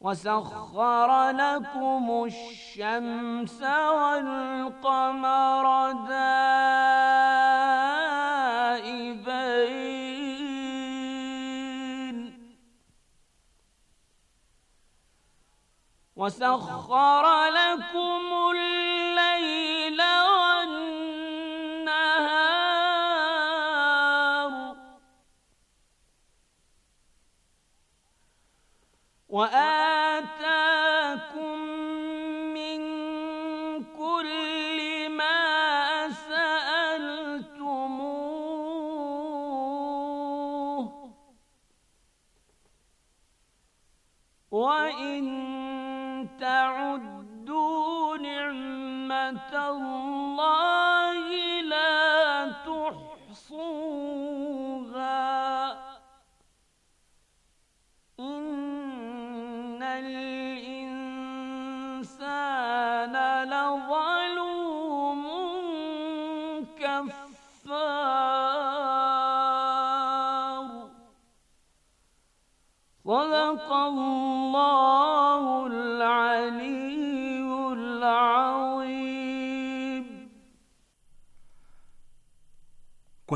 وسخر لكم الشمس والقمر دائبين وسخر لكم الليل والنهار وآل الله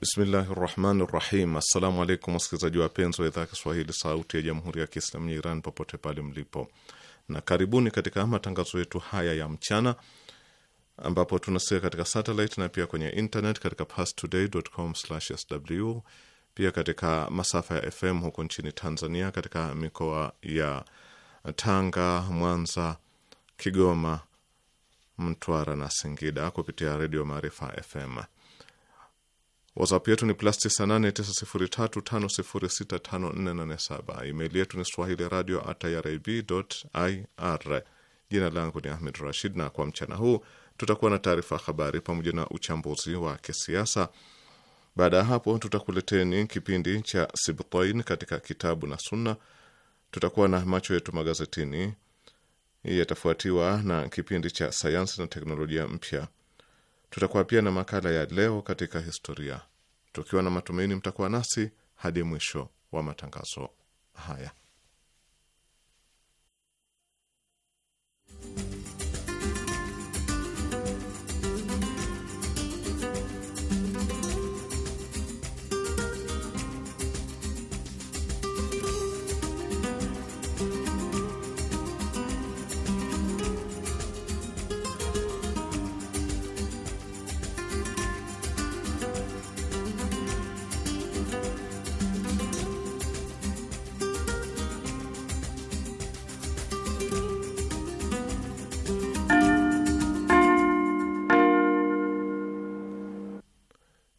Bismillahi rahmani rahim. Assalamu alaikum wasikilizaji wapenzi wa idhaa ya Kiswahili sauti ya jamhuri ya Kiislamu ya Iran popote pale mlipo, na karibuni katika matangazo yetu haya ya mchana ambapo tunasikia katika satellite na pia kwenye internet katika pastoday.com/sw, pia katika masafa ya FM huko nchini Tanzania katika mikoa ya Tanga, Mwanza, Kigoma, Mtwara na Singida kupitia redio Maarifa FM. WhatsApp yetu ni plus 989035065487. Email yetu ni swahili radio at irib Jina langu ni Ahmed Rashid, na kwa mchana huu tutakuwa na taarifa habari pamoja na uchambuzi wa kisiasa. Baada ya hapo, tutakuleteni kipindi cha Sibtain katika kitabu na Sunna. Tutakuwa na macho yetu magazetini, yatafuatiwa na kipindi cha sayansi na teknolojia mpya Tutakuwa pia na makala ya leo katika historia, tukiwa na matumaini mtakuwa nasi hadi mwisho wa matangazo haya.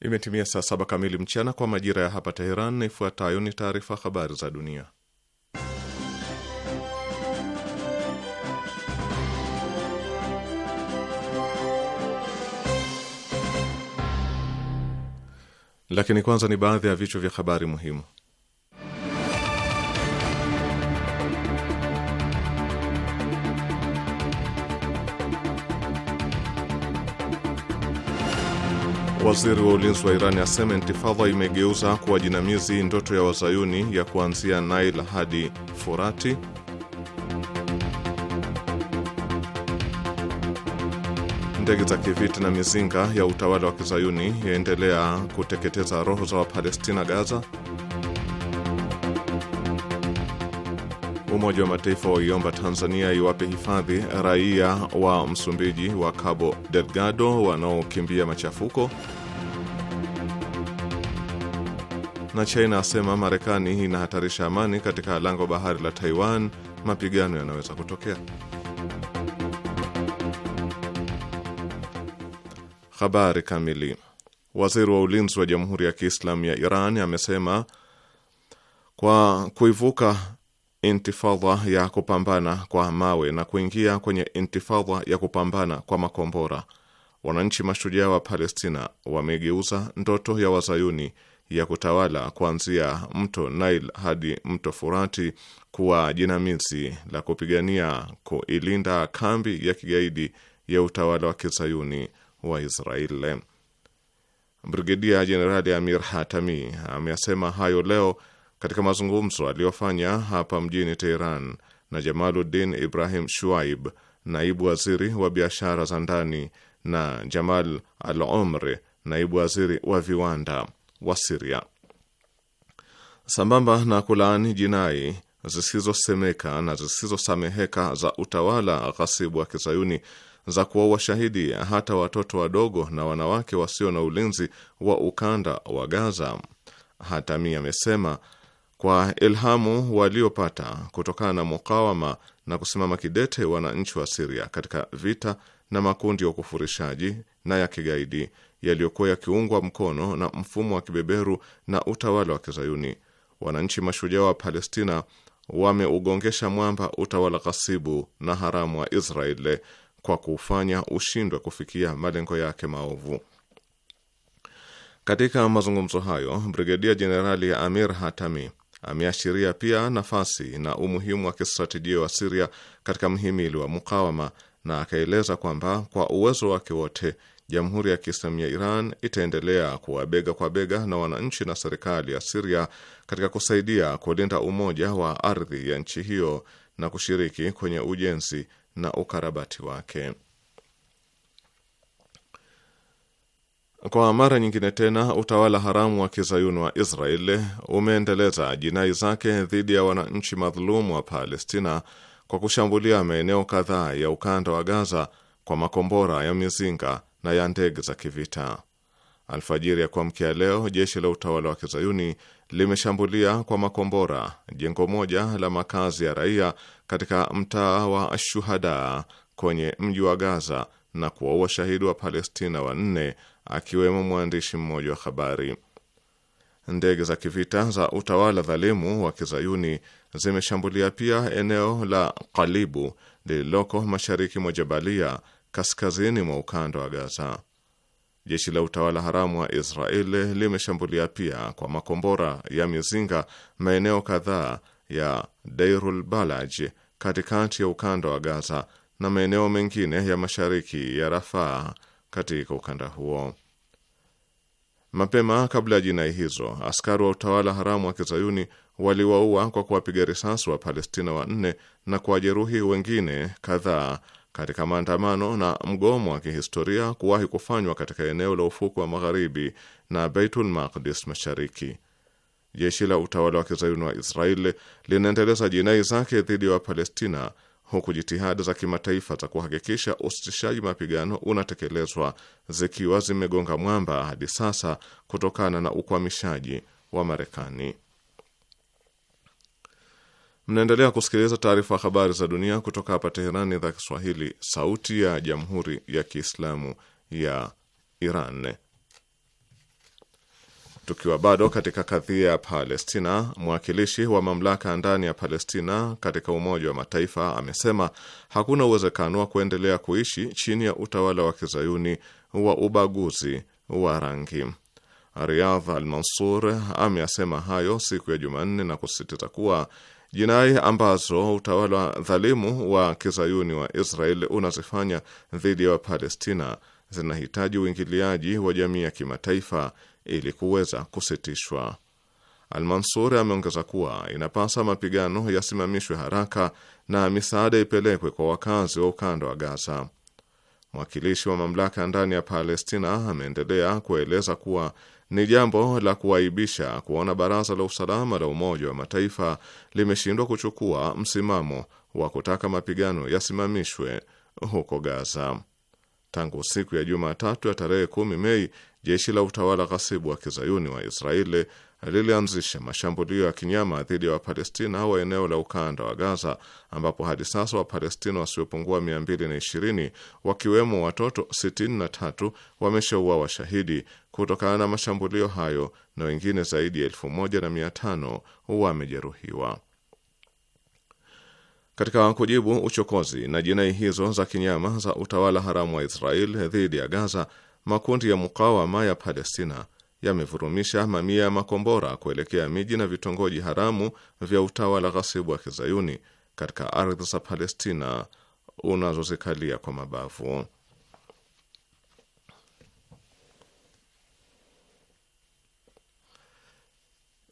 Imetimia saa saba kamili mchana kwa majira ya hapa Teheran, na ifuatayo ni taarifa habari za dunia. Lakini kwanza ni baadhi ya vichwa vya habari muhimu. Waziri wa ulinzi wa Irani asema intifadha imegeuza kuwa jinamizi ndoto ya wazayuni ya kuanzia Nile hadi Furati. Ndege za kivita na mizinga ya utawala wa kizayuni yaendelea kuteketeza roho za Wapalestina Gaza. Umoja wa Mataifa waiomba Tanzania iwape hifadhi raia wa Msumbiji wa Cabo Delgado wanaokimbia machafuko, na China asema Marekani inahatarisha amani katika lango bahari la Taiwan, mapigano yanaweza kutokea. Habari kamili. Waziri wa ulinzi wa Jamhuri ya Kiislamu ya Iran amesema kwa kuivuka intifadha ya kupambana kwa mawe na kuingia kwenye intifadha ya kupambana kwa makombora, wananchi mashujaa wa Palestina wamegeuza ndoto ya wazayuni ya kutawala kuanzia mto Nile hadi mto Furati kuwa jinamizi la kupigania kuilinda kambi ya kigaidi ya utawala wa kizayuni wa Israeli. Brigedia Jenerali Amir Hatami amesema hayo leo katika mazungumzo aliyofanya hapa mjini Teheran na Jamaluddin Ibrahim Shuaib, naibu waziri wa biashara za ndani, na Jamal Al omr naibu waziri wa viwanda wa Siria, sambamba na kulaani jinai zisizosemeka na zisizosameheka za utawala ghasibu wa kizayuni za kuwaua shahidi hata watoto wadogo na wanawake wasio na ulinzi wa ukanda wa Gaza. Hatami amesema kwa ilhamu waliopata kutokana na mukawama na kusimama kidete wananchi wa Siria katika vita na makundi ya ukufurishaji na ya kigaidi yaliyokuwa yakiungwa mkono na mfumo wa kibeberu na utawala wa Kizayuni. Wananchi mashujaa wa Palestina wameugongesha mwamba utawala ghasibu na haramu wa Israeli kwa kuufanya ushindwe kufikia malengo yake maovu. Katika mazungumzo hayo, Brigedia Jenerali Amir Hatami Ameashiria pia nafasi na umuhimu wa kistratejia wa Siria katika mhimili wa mukawama na akaeleza kwamba kwa uwezo wake wote Jamhuri ya Kiislamu ya Iran itaendelea kuwa bega kwa bega na wananchi na serikali ya Siria katika kusaidia kulinda umoja wa ardhi ya nchi hiyo na kushiriki kwenye ujenzi na ukarabati wake. Kwa mara nyingine tena utawala haramu wa kizayuni wa Israeli umeendeleza jinai zake dhidi ya wananchi madhulumu wa Palestina kwa kushambulia maeneo kadhaa ya ukanda wa Gaza kwa makombora ya mizinga na ya ndege za kivita. Alfajiri ya kuamkia leo, jeshi la utawala wa kizayuni limeshambulia kwa makombora jengo moja la makazi ya raia katika mtaa wa shuhada kwenye mji wa Gaza na kuwaua shahidi wa Palestina wanne akiwemo mwandishi mmoja wa habari. Ndege za kivita za utawala dhalimu wa kizayuni zimeshambulia pia eneo la Kalibu lililoko mashariki mwa Jabalia, kaskazini mwa ukanda wa Gaza. Jeshi la utawala haramu wa Israeli limeshambulia pia kwa makombora ya mizinga maeneo kadhaa ya Deirul Balaj katikati ya ukanda wa Gaza na maeneo mengine ya mashariki ya Rafaa katika ukanda huo. Mapema kabla ya jinai hizo, askari wa utawala haramu wa kizayuni waliwaua kwa kuwapiga risasi wa Palestina wanne na kuwajeruhi wengine kadhaa katika maandamano na mgomo wa kihistoria kuwahi kufanywa katika eneo la ufuku wa magharibi na Beitul Maqdis mashariki. Jeshi la utawala wa kizayuni wa Israeli linaendeleza jinai zake dhidi ya Wapalestina huku jitihada za kimataifa za kuhakikisha usitishaji mapigano unatekelezwa zikiwa zimegonga mwamba hadi sasa kutokana na ukwamishaji wa Marekani. Mnaendelea kusikiliza taarifa ya habari za dunia kutoka hapa Teherani, idhaa Kiswahili, sauti ya jamhuri ya kiislamu ya Iran. Tukiwa bado katika kadhia ya Palestina, mwakilishi wa mamlaka ndani ya Palestina katika Umoja wa Mataifa amesema hakuna uwezekano wa kuendelea kuishi chini ya utawala wa kizayuni wa ubaguzi wa rangi. Riyadh Al-Mansur ameyasema hayo siku ya Jumanne na kusisitiza kuwa jinai ambazo utawala dhalimu wa kizayuni wa Israel unazifanya dhidi ya Wapalestina zinahitaji uingiliaji wa jamii ya kimataifa ili kuweza kusitishwa. Almansur ameongeza kuwa inapasa mapigano yasimamishwe haraka na misaada ipelekwe kwa wakazi wa ukanda wa Gaza. Mwakilishi wa mamlaka ndani ya Palestina ameendelea kueleza kuwa ni jambo la kuaibisha kuona Baraza la Usalama la Umoja wa Mataifa limeshindwa kuchukua msimamo wa kutaka mapigano yasimamishwe huko Gaza. Tangu siku ya Jumatatu ya tarehe kumi Mei, jeshi la utawala ghasibu wa kizayuni wa Israeli lilianzisha mashambulio ya kinyama dhidi ya Wapalestina wa eneo la ukanda wa Gaza, ambapo hadi sasa Wapalestina wasiopungua 220 wakiwemo watoto 63 wameshaua washahidi kutokana na mashambulio hayo na wengine zaidi ya 1500 wamejeruhiwa katika kujibu uchokozi na jinai hizo za kinyama za utawala haramu wa Israel dhidi ya Gaza, makundi ya mukawama ya Palestina yamevurumisha mamia ya makombora kuelekea miji na vitongoji haramu vya utawala ghasibu wa kizayuni katika ardhi za Palestina unazozikalia kwa mabavu.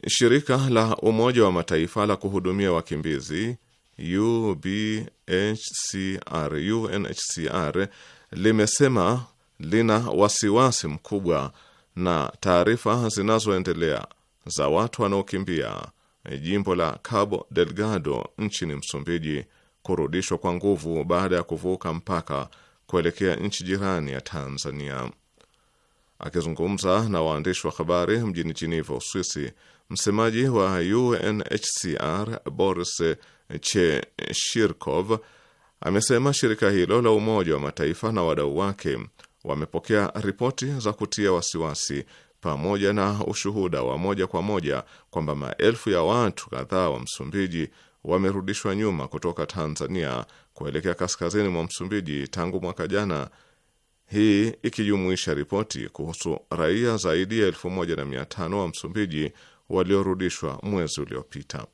Shirika la Umoja wa Mataifa la kuhudumia wakimbizi UBHCR, UNHCR limesema lina wasiwasi mkubwa na taarifa zinazoendelea za watu wanaokimbia jimbo la Cabo Delgado nchini Msumbiji kurudishwa kwa nguvu baada ya kuvuka mpaka kuelekea nchi jirani ya Tanzania. Akizungumza na waandishi wa habari mjini Geneva, Uswisi, Msemaji wa UNHCR Boris Cheshirkov amesema shirika hilo la Umoja wa Mataifa na wadau wake wamepokea ripoti za kutia wasiwasi pamoja na ushuhuda wa moja kwa moja kwamba maelfu ya watu kadhaa wa Msumbiji wamerudishwa nyuma kutoka Tanzania kuelekea kaskazini mwa Msumbiji tangu mwaka jana, hii ikijumuisha ripoti kuhusu raia zaidi ya elfu moja na mia tano wa Msumbiji waliorudishwa mwezi uliopita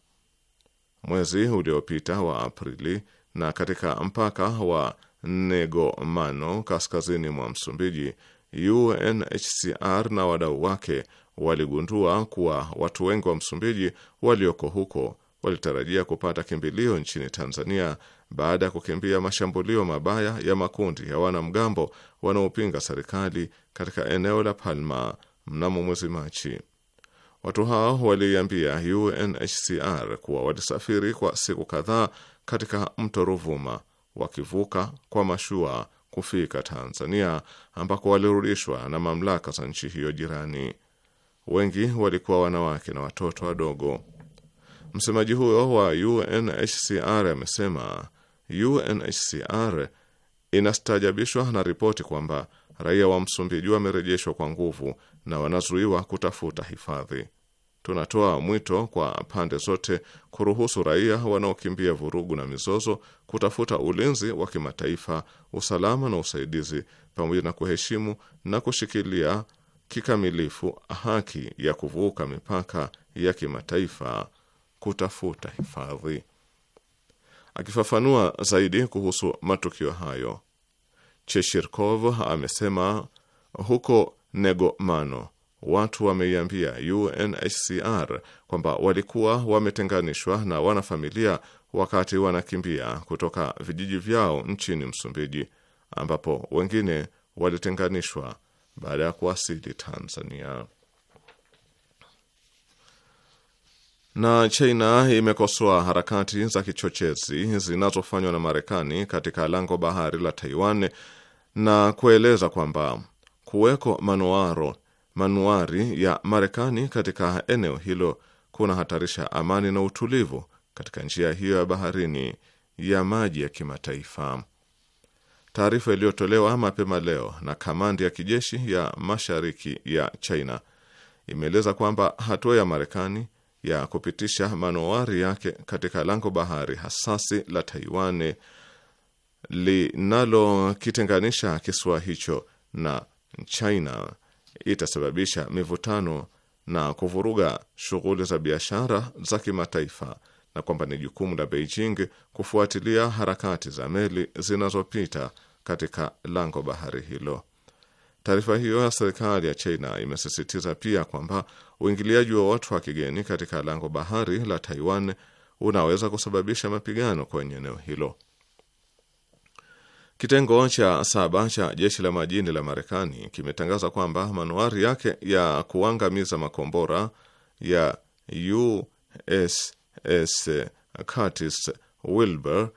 mwezi uliopita wa Aprili na katika mpaka wa Negomano kaskazini mwa Msumbiji, UNHCR na wadau wake waligundua kuwa watu wengi wa Msumbiji walioko huko walitarajia kupata kimbilio nchini Tanzania baada ya kukimbia mashambulio mabaya ya makundi ya wanamgambo wanaopinga serikali katika eneo la Palma mnamo mwezi Machi. Watu hao waliiambia UNHCR kuwa walisafiri kwa siku kadhaa katika mto Ruvuma wakivuka kwa mashua kufika Tanzania ambako walirudishwa na mamlaka za nchi hiyo jirani. Wengi walikuwa wanawake na watoto wadogo. Msemaji huyo wa UNHCR amesema UNHCR inastajabishwa na ripoti kwamba raia wa Msumbiji wamerejeshwa kwa nguvu na wanazuiwa kutafuta hifadhi. Tunatoa mwito kwa pande zote kuruhusu raia wanaokimbia vurugu na mizozo kutafuta ulinzi wa kimataifa, usalama na usaidizi, pamoja na kuheshimu na kushikilia kikamilifu haki ya kuvuka mipaka ya kimataifa kutafuta hifadhi. Akifafanua zaidi kuhusu matukio hayo, Cheshirkov amesema huko negomano. Watu wameiambia UNHCR kwamba walikuwa wametenganishwa na wanafamilia wakati wanakimbia kutoka vijiji vyao nchini Msumbiji, ambapo wengine walitenganishwa baada ya kuwasili Tanzania. Na China imekosoa harakati za kichochezi zinazofanywa na Marekani katika lango bahari la Taiwan na kueleza kwamba kuweko manuaro manuari ya Marekani katika eneo hilo kunahatarisha amani na utulivu katika njia hiyo ya baharini ya maji ya kimataifa. Taarifa iliyotolewa mapema leo na kamandi ya kijeshi ya mashariki ya China imeeleza kwamba hatua ya Marekani ya kupitisha manowari yake katika lango bahari hasasi la Taiwan linalokitenganisha kisiwa hicho na China itasababisha mivutano na kuvuruga shughuli za biashara za kimataifa na kwamba ni jukumu la Beijing kufuatilia harakati za meli zinazopita katika lango bahari hilo. Taarifa hiyo ya serikali ya China imesisitiza pia kwamba uingiliaji wa watu wa kigeni katika lango bahari la Taiwan unaweza kusababisha mapigano kwenye eneo hilo. Kitengo cha saba cha jeshi la majini la Marekani kimetangaza kwamba manuari yake ya kuangamiza makombora ya USS Curtis Wilbur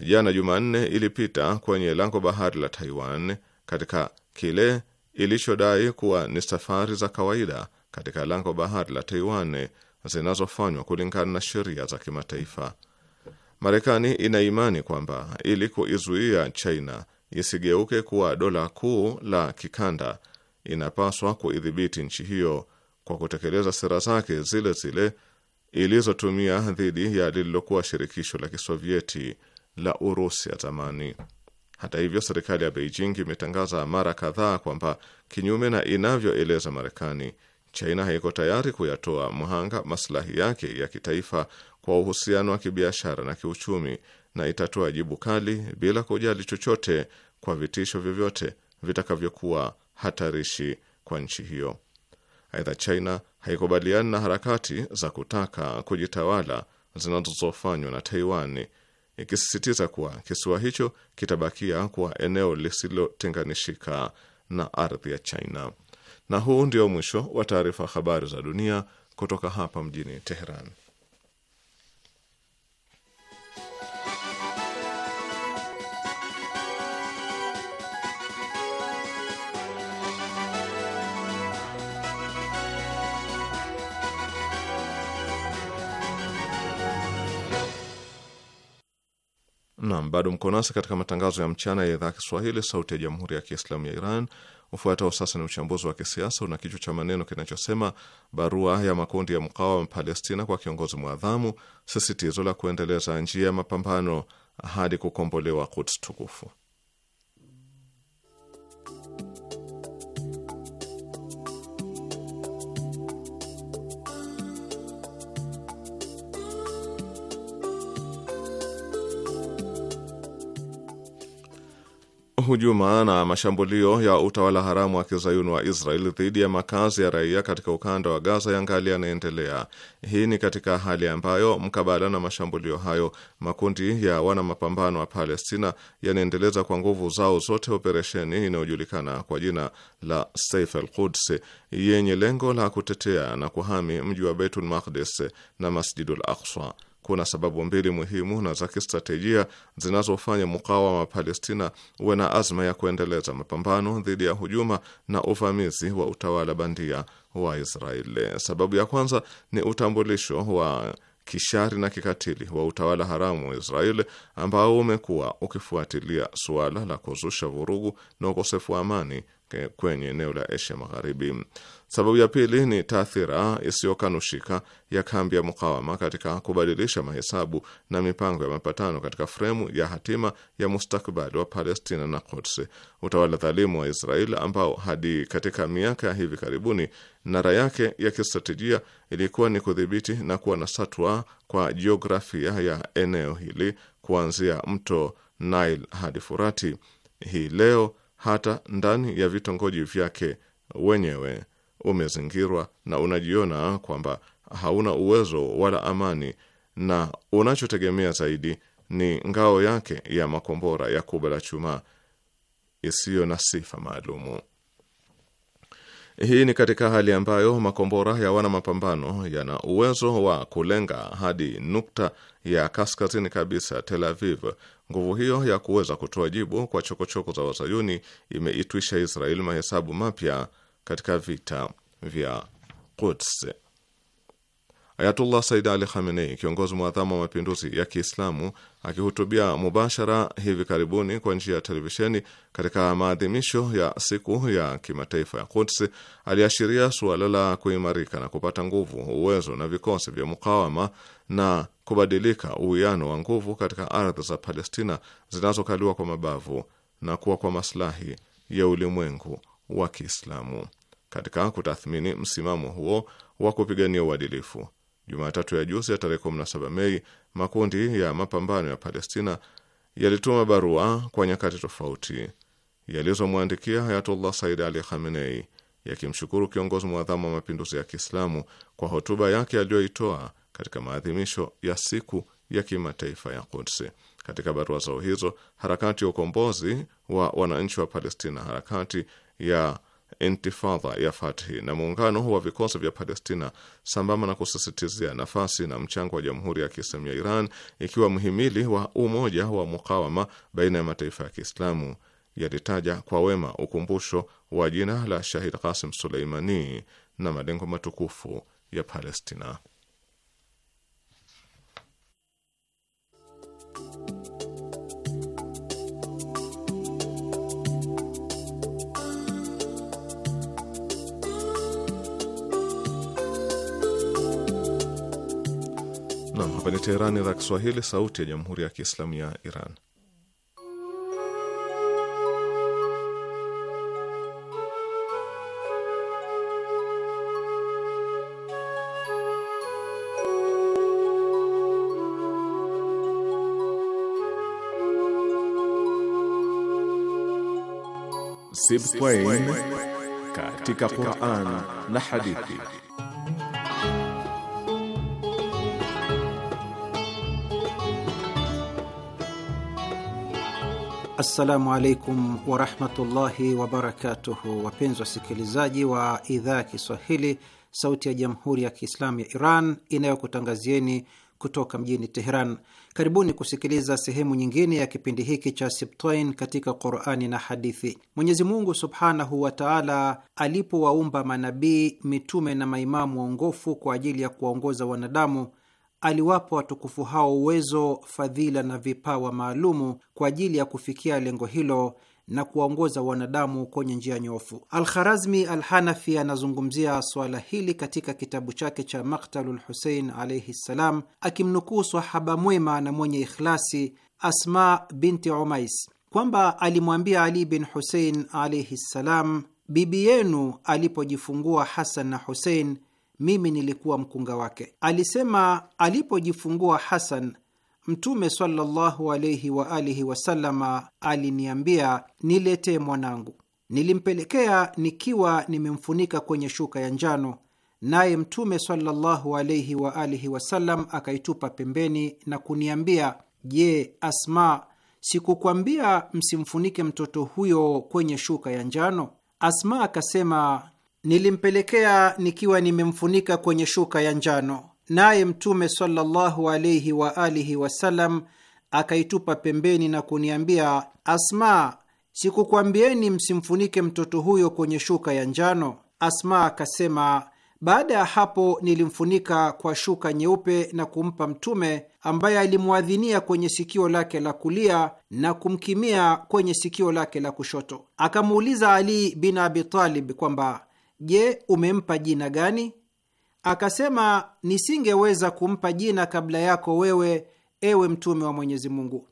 jana Jumanne ilipita kwenye lango bahari la Taiwan katika kile ilichodai kuwa ni safari za kawaida katika lango bahari la Taiwan zinazofanywa kulingana na sheria za kimataifa. Marekani ina imani kwamba ili kuizuia China isigeuke kuwa dola kuu la kikanda, inapaswa kuidhibiti nchi hiyo kwa kutekeleza sera zake zile zile ilizotumia dhidi ya lililokuwa shirikisho la Kisovieti la Urusi ya zamani. Hata hivyo, serikali ya Beijing imetangaza mara kadhaa kwamba kinyume na inavyoeleza Marekani, China haiko tayari kuyatoa mhanga maslahi yake ya kitaifa kwa uhusiano wa kibiashara na kiuchumi na itatoa jibu kali bila kujali chochote kwa vitisho vyovyote vitakavyokuwa hatarishi kwa nchi hiyo. Aidha, China haikubaliani na harakati za kutaka kujitawala zinazofanywa na Taiwan, ikisisitiza kuwa kisiwa hicho kitabakia kuwa eneo lisilotenganishika na ardhi ya China. Na huu ndio mwisho wa taarifa habari za dunia kutoka hapa mjini Teheran. Nam, bado mko nasi katika matangazo ya mchana ya idhaa ya Kiswahili, sauti ya jamhuri ya kiislamu ya Iran. Ufuatao sasa ni uchambuzi wa kisiasa una kichwa cha maneno kinachosema barua ya makundi ya wa Palestina kwa kiongozi mwadhamu, sisitizo la kuendeleza njia ya mapambano hadi kukombolewa kuts tukufu. hujuma na mashambulio ya utawala haramu wa kizayuni wa Israel dhidi ya makazi ya raia katika ukanda wa Gaza yangali yanaendelea. Hii ni katika hali ambayo, mkabala na mashambulio hayo, makundi ya wana mapambano wa Palestina yanaendeleza kwa nguvu zao zote operesheni inayojulikana kwa jina la Saif al-Quds yenye lengo la kutetea na kuhami mji wa Beitul Maqdis na Masjidul Aqsa. Kuna sababu mbili muhimu na za kistratejia zinazofanya mkawa wa Palestina uwe na azma ya kuendeleza mapambano dhidi ya hujuma na uvamizi wa utawala bandia wa Israeli. Sababu ya kwanza ni utambulisho wa kishari na kikatili wa utawala haramu wa Israeli ambao umekuwa ukifuatilia suala la kuzusha vurugu na ukosefu wa amani yake kwenye eneo la Asia Magharibi. Sababu ya pili ni taathira isiyokanushika ya kambi ya mukawama katika kubadilisha mahesabu na mipango ya mapatano katika fremu ya hatima ya mustakbali wa Palestina na Quds. Utawala dhalimu wa Israel ambao hadi katika miaka ya hivi karibuni nara yake ya kistratejia ilikuwa ni kudhibiti na kuwa na satwa kwa jiografia ya eneo hili kuanzia mto Nile hadi Furati, hii leo hata ndani ya vitongoji vyake wenyewe umezingirwa na unajiona kwamba hauna uwezo wala amani, na unachotegemea zaidi ni ngao yake ya makombora ya kuba la chuma isiyo na sifa maalumu. Hii ni katika hali ambayo makombora ya wana mapambano yana uwezo wa kulenga hadi nukta ya kaskazini kabisa Tel Aviv. Nguvu hiyo ya kuweza kutoa jibu kwa chokochoko za Wazayuni imeitwisha israel mahesabu mapya katika vita vya Quds. Ayatullah Said Ali Khamenei, kiongozi mwadhamu wa mapinduzi ya Kiislamu, akihutubia mubashara hivi karibuni kwa njia ya televisheni katika maadhimisho ya siku ya kimataifa ya Quds, aliashiria suala la kuimarika na kupata nguvu, uwezo na vikosi vya mukawama na kubadilika uwiano wa nguvu katika ardhi za Palestina zinazokaliwa kwa mabavu na kuwa kwa maslahi ya ulimwengu wa Kiislamu. Katika kutathmini msimamo huo wa kupigania uadilifu Jumatatu ya juzi ya tarehe 17 Mei, makundi ya mapambano ya Palestina yalituma barua kwa nyakati tofauti yalizomwandikia Ayatullah Said Ali Khamenei yakimshukuru kiongozi mwadhamu wa mapinduzi ya Kiislamu kwa hotuba yake aliyoitoa katika maadhimisho ya siku ya kimataifa ya Quds. Katika barua zao hizo, harakati ya ukombozi wa wananchi wa Palestina, harakati ya intifadha ya Fathi na muungano wa vikosi vya Palestina, sambamba na kusisitizia nafasi na mchango wa Jamhuri ya Kiislamu ya Iran ikiwa mhimili wa umoja wa mukawama baina ya mataifa ya Kiislamu, yalitaja kwa wema ukumbusho wa jina la Shahid Qasim Suleimani na malengo matukufu ya Palestina. Teherani, idhaa Kiswahili, sauti ya jamhuri ya kiislamu ya Iran. Sibtain katika Quran na hadithi Assalamu alaikum warahmatullahi wabarakatuhu, wapenzi wasikilizaji wa idhaa ya Kiswahili, Sauti ya Jamhuri ya Kiislamu ya Iran inayokutangazieni kutoka mjini Teheran. Karibuni kusikiliza sehemu nyingine ya kipindi hiki cha Sibtain katika Qurani na hadithi. Mwenyezi Mungu subhanahu wa taala alipowaumba manabii, mitume na maimamu waongofu kwa ajili ya kuwaongoza wanadamu aliwapa watukufu hao uwezo, fadhila na vipawa maalumu kwa ajili ya kufikia lengo hilo na kuwaongoza wanadamu kwenye njia nyofu. Alkharazmi Alhanafi anazungumzia swala hili katika kitabu chake cha Maktalu Lhusein alaihi ssalam, akimnukuu swahaba mwema na mwenye ikhlasi Asma binti Umais kwamba alimwambia Ali bin Husein alaihi ssalam, bibi yenu alipojifungua Hasan na Husein mimi nilikuwa mkunga wake. Alisema alipojifungua Hasan, Mtume sallallahu alaihi wasalama aliniambia niletee mwanangu. Nilimpelekea nikiwa nimemfunika kwenye shuka ya njano, naye Mtume sallallahu alaihi wasalam akaitupa pembeni na kuniambia, Je, Asma, sikukwambia msimfunike mtoto huyo kwenye shuka ya njano? Asma akasema nilimpelekea nikiwa nimemfunika kwenye shuka ya njano, naye Mtume sallallahu alaihi wa alihi wasallam akaitupa pembeni na kuniambia, Asma, sikukwambieni msimfunike mtoto huyo kwenye shuka ya njano? Asma akasema baada ya hapo nilimfunika kwa shuka nyeupe na kumpa Mtume, ambaye alimwadhinia kwenye sikio lake la kulia na kumkimia kwenye sikio lake la kushoto. Akamuuliza Ali bin Abi Talib kwamba Je, umempa jina gani? Akasema, nisingeweza kumpa jina kabla yako wewe, ewe mtume wa Mwenyezi Mungu.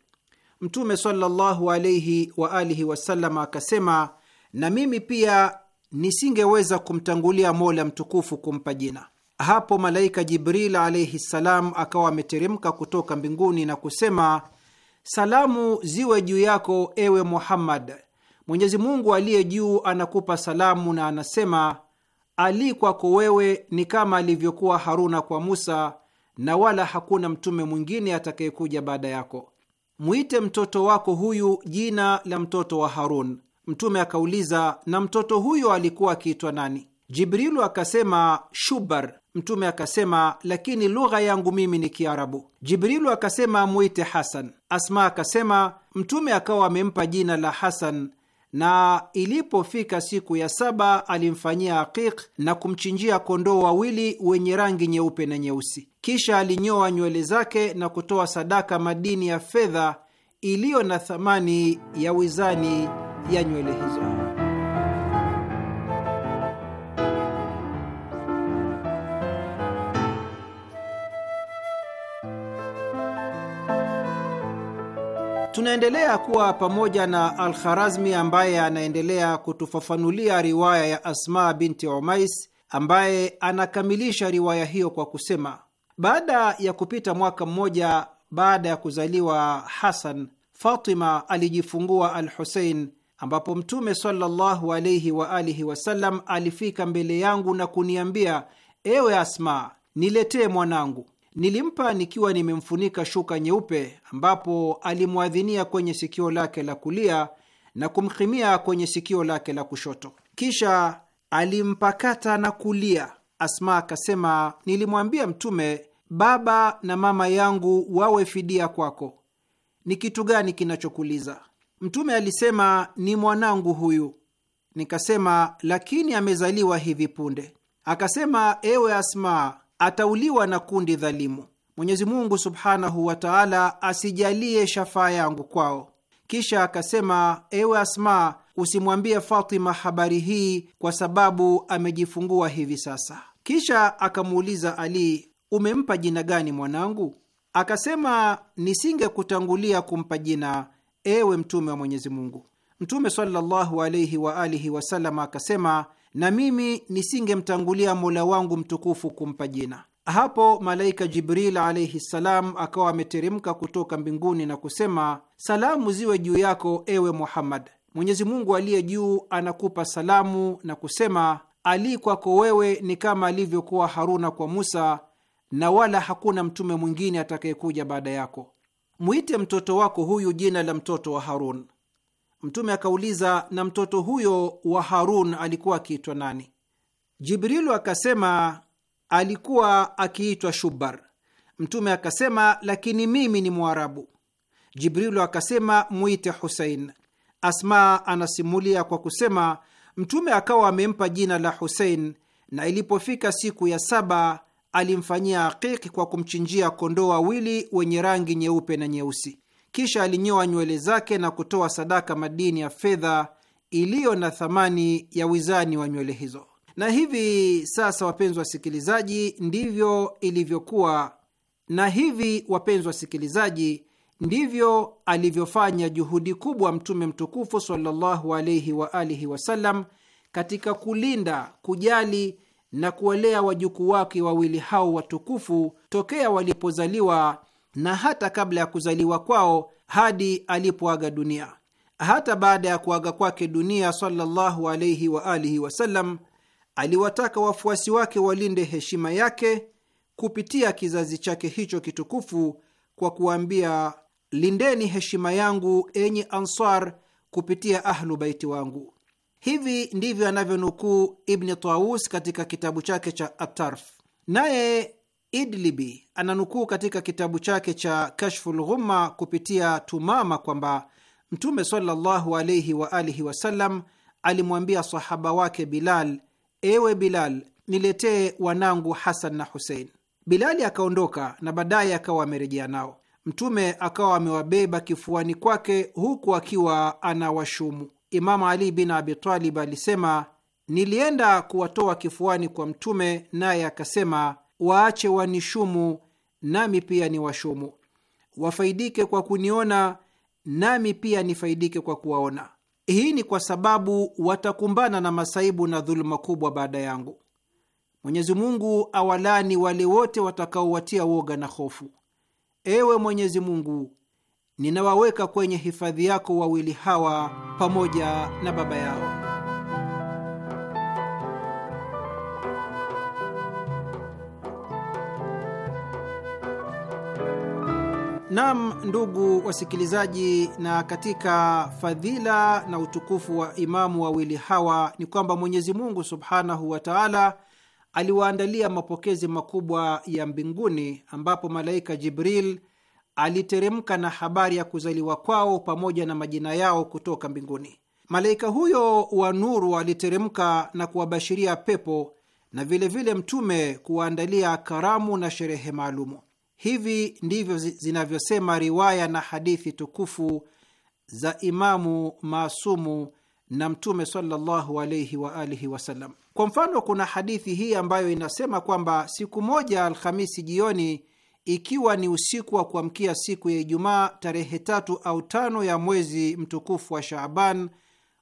Mtume sallallahu alaihi wa alihi wasallam akasema, na mimi pia nisingeweza kumtangulia Mola mtukufu kumpa jina. Hapo malaika Jibril alaihi ssalam akawa ameteremka kutoka mbinguni na kusema, salamu ziwe juu yako ewe Muhammad Mwenyezi Mungu aliye juu anakupa salamu na anasema, Ali kwako wewe ni kama alivyokuwa Haruna kwa Musa, na wala hakuna mtume mwingine atakayekuja baada yako. Mwite mtoto wako huyu jina la mtoto wa Harun. Mtume akauliza, na mtoto huyo alikuwa akiitwa nani? Jibrilu akasema Shubar. Mtume akasema, lakini lugha yangu mimi ni Kiarabu. Jibrilu akasema, muite Hasan. Asma akasema, Mtume akawa amempa jina la Hasan na ilipofika siku ya saba alimfanyia akik na kumchinjia kondoo wawili wenye rangi nyeupe na nyeusi. Kisha alinyoa nywele zake na kutoa sadaka madini ya fedha iliyo na thamani ya wizani ya nywele hizo. Tunaendelea kuwa pamoja na Alkharazmi ambaye anaendelea kutufafanulia riwaya ya Asma binti Umais ambaye anakamilisha riwaya hiyo kwa kusema, baada ya kupita mwaka mmoja baada ya kuzaliwa Hasan, Fatima alijifungua al Husein, ambapo Mtume sallallahu alaihi wa alihi wasallam alifika mbele yangu na kuniambia, ewe Asma, niletee mwanangu. Nilimpa nikiwa nimemfunika shuka nyeupe, ambapo alimwadhinia kwenye sikio lake la kulia na kumhimia kwenye sikio lake la kushoto, kisha alimpakata na kulia. Asma akasema, nilimwambia Mtume, baba na mama yangu wawe fidia kwako, ni kitu gani kinachokuliza? Mtume alisema, ni mwanangu huyu. Nikasema, lakini amezaliwa hivi punde. Akasema, ewe Asma, atauliwa na kundi dhalimu. Mwenyezi Mungu subhanahu wa taala asijalie shafaa yangu kwao. Kisha akasema, ewe Asma, usimwambie Fatima habari hii kwa sababu amejifungua hivi sasa. Kisha akamuuliza Ali, umempa jina gani mwanangu? Akasema, nisingekutangulia kumpa jina, ewe Mtume wa Mwenyezi Mungu. Mtume sallallahu alaihi wasallam akasema na mimi nisingemtangulia Mola wangu mtukufu kumpa jina. Hapo malaika Jibril alaihi ssalam akawa ameteremka kutoka mbinguni na kusema, salamu ziwe juu yako ewe Muhammad, Mwenyezi Mungu aliye juu anakupa salamu na kusema, Ali kwako wewe ni kama alivyokuwa Haruna kwa Musa, na wala hakuna mtume mwingine atakayekuja baada yako. Mwite mtoto wako huyu jina la mtoto wa Harun. Mtume akauliza, na mtoto huyo wa Harun alikuwa akiitwa nani? Jibrilu akasema, alikuwa akiitwa Shubar. Mtume akasema, lakini mimi ni Mwarabu. Jibrilu akasema, mwite Husein. Asma anasimulia kwa kusema, Mtume akawa amempa jina la Husein, na ilipofika siku ya saba alimfanyia akiki kwa kumchinjia kondoo wawili wenye rangi nyeupe na nyeusi. Kisha alinyoa nywele zake na kutoa sadaka madini ya fedha iliyo na thamani ya wizani wa nywele hizo. Na hivi sasa, wapenzi wasikilizaji, ndivyo ilivyokuwa, na hivi wapenzi wasikilizaji, ndivyo alivyofanya juhudi kubwa Mtume mtukufu sallallahu alaihi wa alihi wasallam katika kulinda, kujali na kuwalea wajukuu wake wawili hao watukufu tokea walipozaliwa na hata kabla ya kuzaliwa kwao hadi alipoaga dunia. Hata baada ya kuaga kwake dunia sallallahu wa alihi wasallam, aliwataka wafuasi wake walinde heshima yake kupitia kizazi chake hicho kitukufu kwa kuwambia lindeni heshima yangu enyi Ansar kupitia Ahlu Baiti wangu. Hivi ndivyo anavyonukuu Ibni Taus katika kitabu chake cha Atarf. Naye Idlibi ananukuu katika kitabu chake cha Kashful Ghumma kupitia Tumama kwamba Mtume sallallahu alaihi wa alihi wasallam alimwambia sahaba wake Bilal, ewe Bilal, niletee wanangu Hasan na Husein. Bilali akaondoka na baadaye akawa amerejea nao. Mtume akawa amewabeba kifuani kwake huku akiwa anawashumu. Imamu Ali bin Abitalib alisema, nilienda kuwatoa kifuani kwa Mtume, naye akasema waache wanishumu, nami pia ni washumu; wafaidike kwa kuniona, nami pia nifaidike kwa kuwaona. Hii ni kwa sababu watakumbana na masaibu na dhuluma kubwa baada yangu. Mwenyezi Mungu awalani wale wote watakaowatia woga na hofu. Ewe Mwenyezi Mungu, ninawaweka kwenye hifadhi yako wawili hawa pamoja na baba yao. Nam, ndugu wasikilizaji, na katika fadhila na utukufu wa imamu wawili hawa ni kwamba Mwenyezi Mungu subhanahu wa taala aliwaandalia mapokezi makubwa ya mbinguni, ambapo malaika Jibril aliteremka na habari ya kuzaliwa kwao pamoja na majina yao kutoka mbinguni. Malaika huyo wa nuru aliteremka na kuwabashiria pepo na vilevile vile mtume kuwaandalia karamu na sherehe maalumu. Hivi ndivyo zinavyosema riwaya na hadithi tukufu za Imamu Masumu na Mtume sallallahu alaihi wa alihi wasallam. Kwa mfano, kuna hadithi hii ambayo inasema kwamba siku moja Alhamisi jioni, ikiwa ni usiku wa kuamkia siku ya Ijumaa tarehe tatu au tano ya mwezi mtukufu wa Shaaban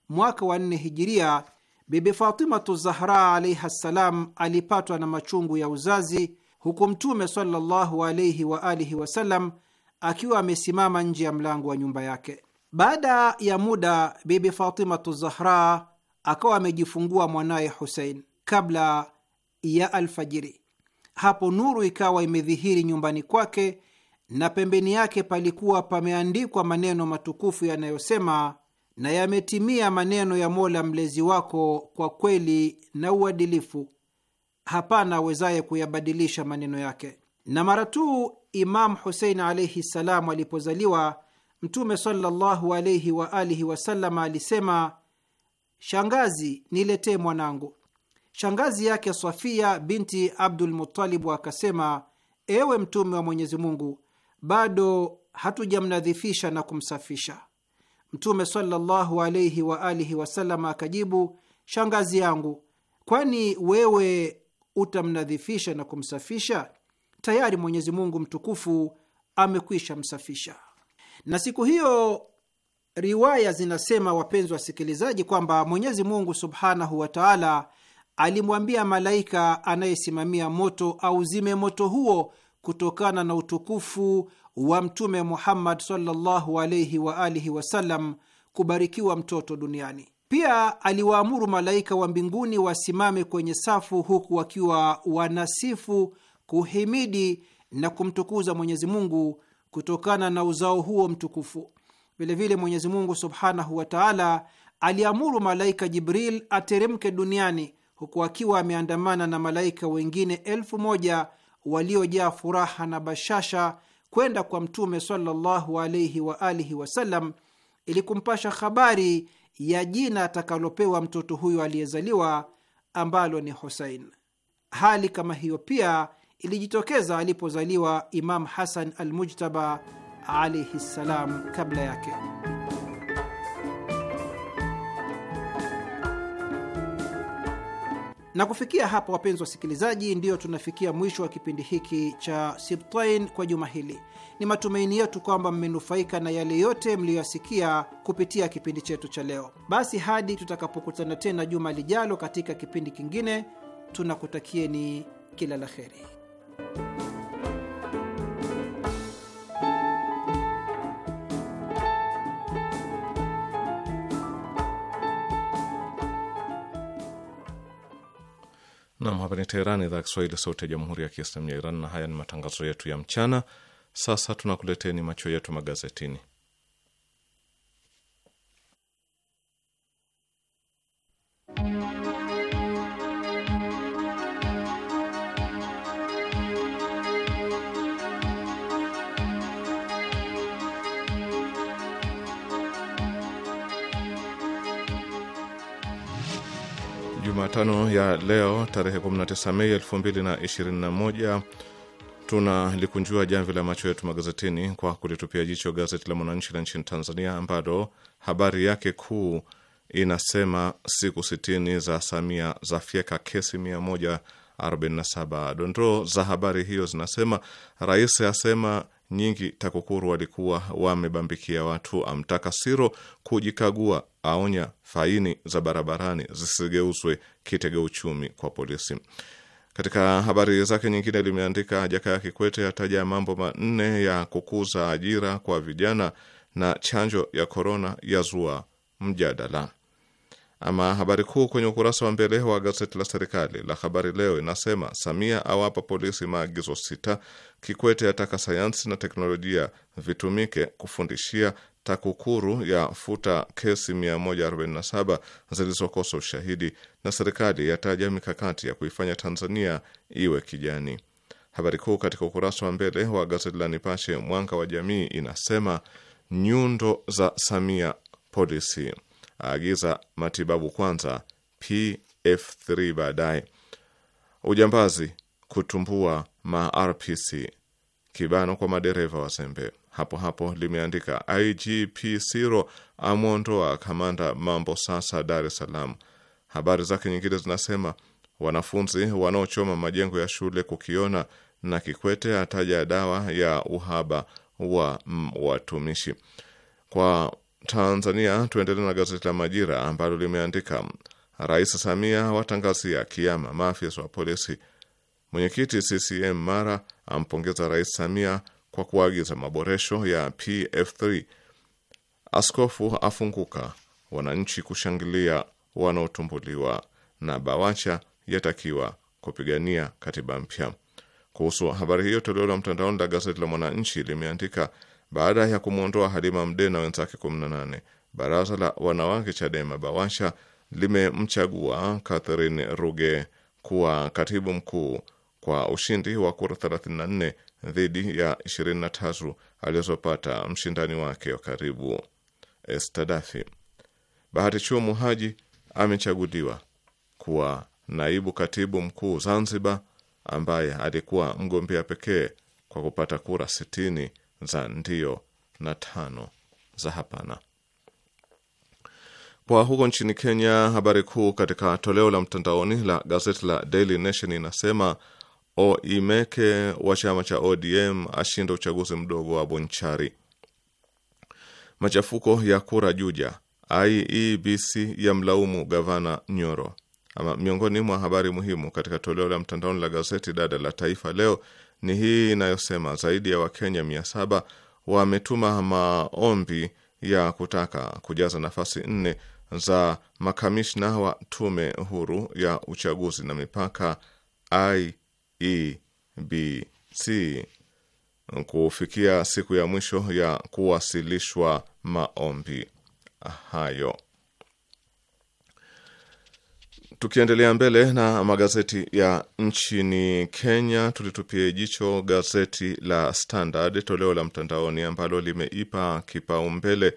mwaka wa nne hijiria, Bibi Fatimatu Zahra alaihi ssalam alipatwa na machungu ya uzazi huku Mtume sallallahu alaihi wa alihi wasallam akiwa amesimama nje ya mlango wa nyumba yake. Baada ya muda, Bibi Fatimatu Zahra akawa amejifungua mwanaye Husein kabla ya alfajiri. Hapo nuru ikawa imedhihiri nyumbani kwake na pembeni yake palikuwa pameandikwa maneno matukufu yanayosema, na yametimia maneno ya Mola mlezi wako kwa kweli na uadilifu hapana awezaye kuyabadilisha maneno yake. Na mara tu Imamu Husein alaihi ssalam alipozaliwa, Mtume sallallahu alaihi wa alihi wasalama alisema, shangazi, niletee mwanangu. Shangazi yake Safia binti Abdul Muttalibu akasema, ewe Mtume wa Mwenyezi Mungu, bado hatujamnadhifisha na kumsafisha. Mtume sallallahu alaihi wa alihi wasalama akajibu, shangazi yangu, kwani wewe utamnadhifisha na kumsafisha? Tayari Mwenyezi Mungu mtukufu amekwisha msafisha. Na siku hiyo riwaya zinasema, wapenzi wasikilizaji, kwamba Mwenyezi Mungu subhanahu wa taala alimwambia malaika anayesimamia moto auzime moto huo kutokana na utukufu wa Mtume Muhammad sallallahu alaihi waalihi wasallam, kubarikiwa mtoto duniani. Pia aliwaamuru malaika wa mbinguni wasimame kwenye safu, huku wakiwa wanasifu, kuhimidi na kumtukuza Mwenyezi Mungu kutokana na uzao huo mtukufu. Vilevile Mwenyezi Mungu subhanahu wa taala aliamuru malaika Jibril ateremke duniani huku akiwa ameandamana na malaika wengine elfu moja waliojaa furaha na bashasha kwenda kwa Mtume sallallahu alaihi waalihi wasallam ili kumpasha habari ya jina atakalopewa mtoto huyo aliyezaliwa ambalo ni Husein. Hali kama hiyo pia ilijitokeza alipozaliwa Imam Hasan Almujtaba alaihi ssalam kabla yake. Na kufikia hapa, wapenzi wasikilizaji, ndio tunafikia mwisho wa kipindi hiki cha Sibtain kwa juma hili. Ni matumaini yetu kwamba mmenufaika na yale yote mliyoyasikia kupitia kipindi chetu cha leo. Basi hadi tutakapokutana tena juma lijalo katika kipindi kingine, tunakutakieni kila la heri. Nam, hapa ni Teherani, idhaa ya Kiswahili, sauti ya jamhuri ya kiislamu ya Iran, na haya ni matangazo yetu ya mchana. Sasa tunakuleteni macho yetu magazetini. Jumatano ya leo tarehe 19 Mei 2021 tunalikunjua jamvi la macho yetu magazetini kwa kulitupia jicho gazeti la Mwananchi la nchini Tanzania, ambalo habari yake kuu inasema siku sitini za Samia fyeka kesi 147. Dondoo za habari hiyo zinasema rais asema nyingi TAKUKURU walikuwa wamebambikia watu, amtaka Siro kujikagua, aonya faini za barabarani zisigeuzwe kitega uchumi kwa polisi. Katika habari zake nyingine limeandika Jakaya Kikwete ataja mambo manne ya kukuza ajira kwa vijana na chanjo ya korona ya zua mjadala. Ama habari kuu kwenye ukurasa wa mbele wa gazeti la serikali la Habari Leo inasema Samia awapa polisi maagizo sita. Kikwete ataka sayansi na teknolojia vitumike kufundishia TAKUKURU ya futa kesi 147 zilizokosa ushahidi na serikali yataja mikakati ya kuifanya Tanzania iwe kijani. Habari kuu katika ukurasa wa mbele wa gazeti la Nipashe mwanga wa jamii inasema nyundo za Samia polisi aagiza matibabu kwanza, PF3 baadaye. Ujambazi kutumbua ma RPC kibano kwa madereva wazembe hapo hapo limeandika IGP Siro amwondoa kamanda mambo sasa Dar es Salaam. Habari zake nyingine zinasema wanafunzi wanaochoma majengo ya shule kukiona, na Kikwete ataja dawa ya uhaba wa mm, watumishi kwa Tanzania. Tuendelee na gazeti la Majira ambalo limeandika Rais Samia watangazia kiama maafisa wa polisi. Mwenyekiti CCM Mara ampongeza Rais Samia kwa kuagiza maboresho ya PF3. Askofu afunguka, wananchi kushangilia wanaotumbuliwa, na Bawacha yatakiwa kupigania katiba mpya. Kuhusu habari hiyo, toleo la mtandaoni la gazeti la Mwananchi limeandika baada ya kumwondoa Halima mde na wenzake 18 baraza la wanawake Chadema Bawacha limemchagua Catherine Ruge kuwa katibu mkuu kwa ushindi wa kura 34 dhidi ya 23 alizopata mshindani wake wa karibu Estadafi. Bahati Chuo Muhaji amechaguliwa kuwa naibu katibu mkuu Zanzibar, ambaye alikuwa mgombea pekee kwa kupata kura sitini za ndio na tano za hapana. Kwa huko nchini Kenya, habari kuu katika toleo la mtandaoni la gazeti la Daily Nation inasema Oimeke wa chama cha ODM ashinda uchaguzi mdogo wa Bonchari. Machafuko ya kura Juja. IEBC ya mlaumu gavana Nyoro. Ama miongoni mwa habari muhimu katika toleo la mtandaoni la gazeti dada la Taifa Leo ni hii inayosema zaidi ya Wakenya mia saba wametuma maombi ya kutaka kujaza nafasi nne za makamishna wa tume huru ya uchaguzi na mipaka IEBC. EBC. Kufikia siku ya mwisho ya kuwasilishwa maombi hayo. Tukiendelea mbele na magazeti ya nchini Kenya, tulitupia jicho gazeti la Standard toleo la mtandaoni ambalo limeipa kipaumbele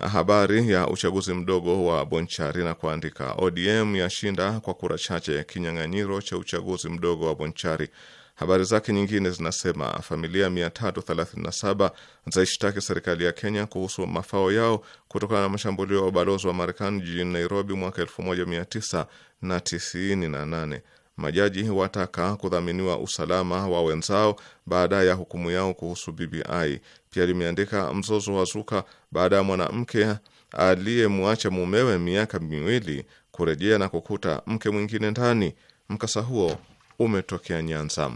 habari ya uchaguzi mdogo wa Bonchari na kuandika ODM yashinda kwa kura chache kinyang'anyiro cha uchaguzi mdogo wa Bonchari. Habari zake nyingine zinasema familia 337 zaishtaki serikali ya Kenya kuhusu mafao yao kutokana na mashambulio ya ubalozi wa Marekani jijini Nairobi mwaka 1998. Majaji wataka kudhaminiwa usalama wa wenzao baada ya hukumu yao kuhusu BBI. Pia limeandika mzozo wa zuka baada ya mwanamke aliyemwacha mumewe miaka miwili kurejea na kukuta mke mwingine ndani. Mkasa huo umetokea Nyanza.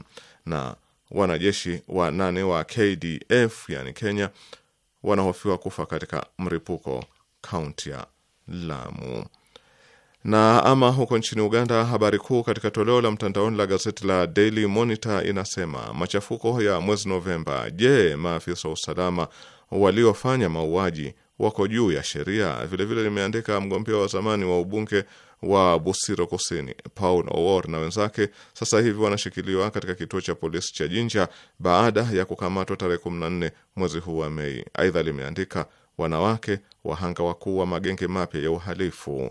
Na wanajeshi wa nane wa KDF yani Kenya wanahofiwa kufa katika mripuko kaunti ya Lamu. Na ama huko nchini Uganda, habari kuu katika toleo la mtandaoni la gazeti la Daily Monitor inasema machafuko ya mwezi Novemba. Je, maafisa wa usalama waliofanya mauaji wako juu ya sheria? Vilevile limeandika mgombea wa zamani wa ubunge wa Busiro Kusini Paul Owor na wenzake sasa hivi wanashikiliwa katika kituo cha polisi cha Jinja baada ya kukamatwa tarehe 14 mwezi huu wa Mei. Aidha limeandika wanawake wahanga wakuu wa magenge mapya ya uhalifu